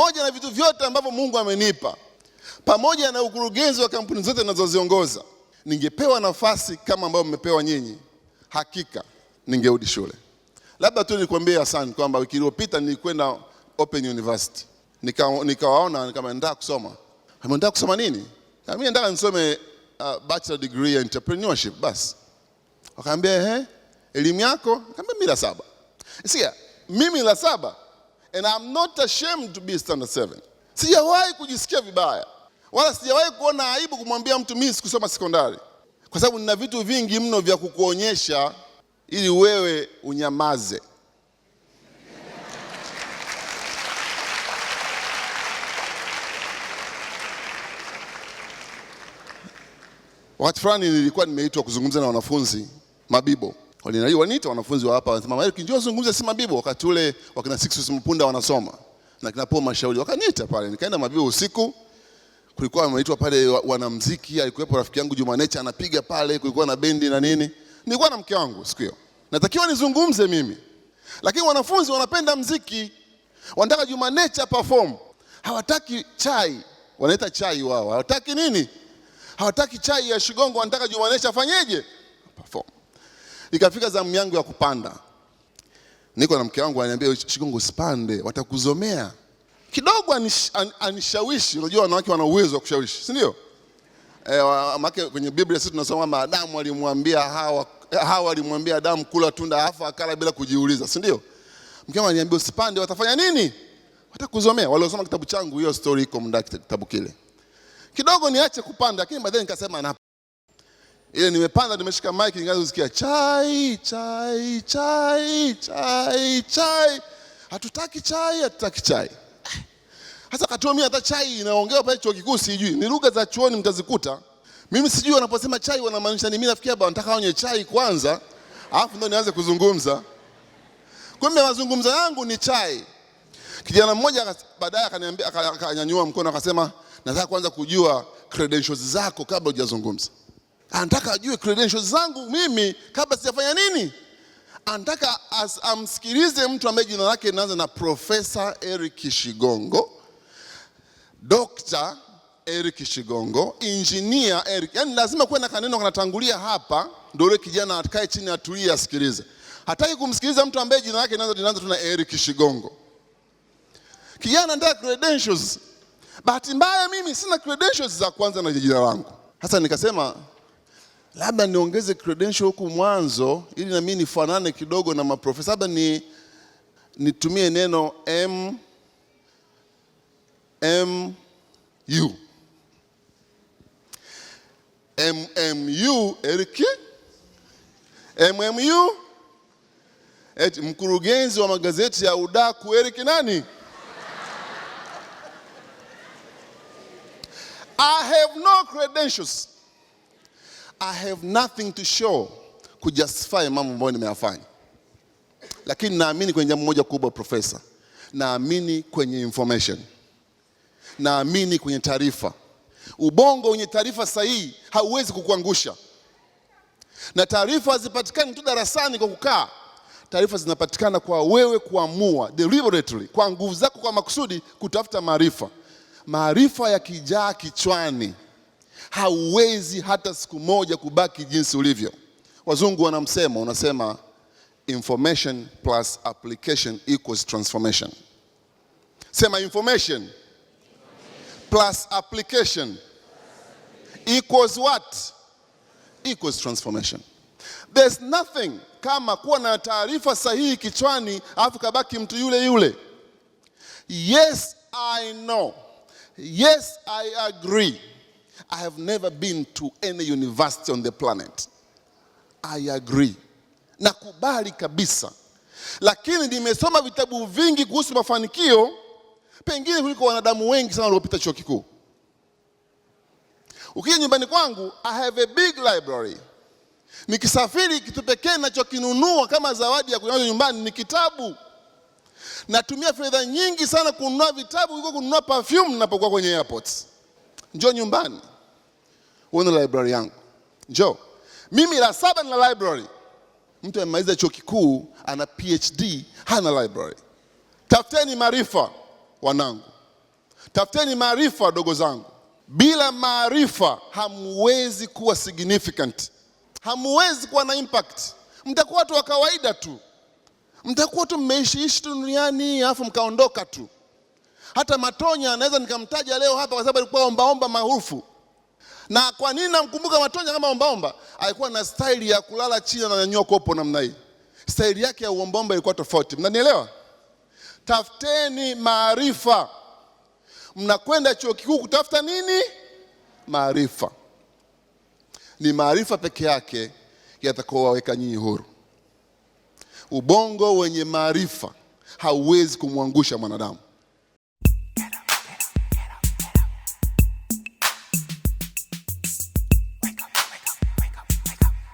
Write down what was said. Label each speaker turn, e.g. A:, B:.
A: pamoja na vitu vyote ambavyo Mungu amenipa, pamoja na ukurugenzi wa kampuni zote ninazoziongoza, ningepewa nafasi kama ambayo mmepewa nyinyi, hakika ningerudi shule. Labda tu nikwambie asante kwamba wiki iliyopita nilikwenda Open University nikawaona, nika kama nataka kusoma. Nataka kusoma nini? Mimi nataka nisome uh, bachelor degree in entrepreneurship. Bas wakaambia ehe, elimu yako? Nikamwambia mimi la saba. Sikia, mimi la saba and I'm not ashamed to be standard seven. Sijawahi kujisikia vibaya wala sijawahi kuona aibu kumwambia mtu mimi sikusoma sekondari, kwa sababu nina vitu vingi mno vya kukuonyesha ili wewe unyamaze. Wakati fulani nilikuwa nimeitwa kuzungumza na wanafunzi Mabibo waliniita wanafunzi wa hapa wanasema, Mariki njoo zungumze bibo Wakati ule wakina Sixtus Mpunda wanasoma na kina Paul Mashauri, wakaniita pale, nikaenda Mabibo usiku. Kulikuwa wameitwa pale wanamuziki, alikuwepo rafiki yangu Juma Nature anapiga pale, kulikuwa na bendi na nini. Nilikuwa na mke wangu siku hiyo, natakiwa nizungumze mimi, lakini wanafunzi wanapenda muziki, wanataka Juma Nature perform, hawataki chai, wanaita chai wao, hawataki nini, hawataki chai ya Shigongo, wanataka Juma Nature afanyeje Ikafika zamu yangu ya kupanda, niko na mke wangu ananiambia, Shigongo, usipande, watakuzomea kidogo. Anish, an, anishawishi. Unajua wanawake wana uwezo wa kushawishi, si ndio? E, eh, make kwenye Biblia sisi tunasoma kwamba Adamu alimwambia Hawa, Hawa alimwambia Adamu kula tunda, afa akala bila kujiuliza, si ndio? Mke wangu ananiambia, usipande, watafanya nini? Watakuzomea. Waliosoma kitabu changu, hiyo story iko ndani kitabu kile. Kidogo niache kupanda, lakini baadaye nikasema na ile nimepanda, nimeshika mic ingawa usikia chai chai chai chai chai. Hatutaki chai, hatutaki chai. Hasa katuo mimi hata chai inaongea pale chuo kikuu sijui. Ni lugha za chuoni mtazikuta. Mimi sijui wanaposema chai wanamaanisha ni mimi nafikia baba nataka wanywe chai kwanza, alafu ndo nianze kuzungumza. Kumbe mazungumzo yangu ni chai. Kijana mmoja baadaye akaniambia akanyanyua mkono akasema nataka kwanza kujua credentials zako kabla hujazungumza. Anataka ajue credentials zangu mimi kabla sijafanya nini. Anataka amsikilize mtu ambaye jina lake linaanza na Profesa Eric Shigongo, Dr. Eric Shigongo, Engineer Eric. Yaani lazima kuwe na kaneno kanatangulia hapa, ndio yule kijana atakaye chini atulie asikilize. Hataki kumsikiliza mtu ambaye jina lake linaanza tu na Eric Shigongo. Kijana anataka credentials. Bahati mbaya mimi sina credentials za kwanza na jina langu. Sasa nikasema labda niongeze credential huku mwanzo ili na mimi nifanane kidogo na maprofesa, labda ni nitumie neno M, M, U, Eriki, U. eti mkurugenzi wa magazeti ya udaku Eriki nani? I have no credentials I have nothing to show kujustify mambo ambayo nimeyafanya, lakini naamini kwenye jambo moja kubwa, profesa, naamini kwenye information, naamini kwenye taarifa. Ubongo wenye taarifa sahihi hauwezi kukuangusha, na taarifa hazipatikani tu darasani kwa kukaa. Taarifa zinapatikana kwa wewe kuamua deliberately, kwa nguvu zako, kwa makusudi, kutafuta maarifa. Maarifa yakijaa kichwani hauwezi hata siku moja kubaki jinsi ulivyo. Wazungu wanamsema unasema, information plus application equals transformation. Sema information plus application equals what? Equals transformation. There's nothing kama kuwa na taarifa sahihi kichwani afu kabaki mtu yule yule. Yes, I know. Yes, I agree. I have never been to any university on the planet. I agree. Nakubali kabisa. Lakini nimesoma vitabu vingi kuhusu mafanikio pengine kuliko wanadamu wengi sana waliopita chuo kikuu. Ukija nyumbani kwangu, I have a big library. Nikisafiri, kitu pekee ninachokinunua kama zawadi ya kunazo nyumbani ni kitabu. Natumia fedha nyingi sana kununua vitabu kuliko kununua perfume ninapokuwa kwenye airports njoo nyumbani uone library yangu, njoo. Mimi la saba nina library. Mtu amemaliza chuo kikuu ana PhD hana library. Tafuteni maarifa wanangu, tafuteni maarifa wadogo zangu. Bila maarifa hamwezi kuwa significant, hamwezi kuwa na impact. Mtakuwa watu wa kawaida tu, mtakuwa tu mmeishiishi tu duniani, alafu mkaondoka tu. Hata Matonya naweza nikamtaja leo hapa, kwa sababu alikuwa ombaomba maarufu. Na kwa nini namkumbuka Matonya kama ombaomba? Alikuwa na staili ya kulala chini na nyanyua kopo namna hii. Staili yake ya uombaomba ilikuwa tofauti, mnanielewa? Tafuteni maarifa. Mnakwenda chuo kikuu kutafuta nini? Maarifa. Ni maarifa peke yake yatakowaweka nyinyi huru. Ubongo wenye maarifa hauwezi kumwangusha mwanadamu.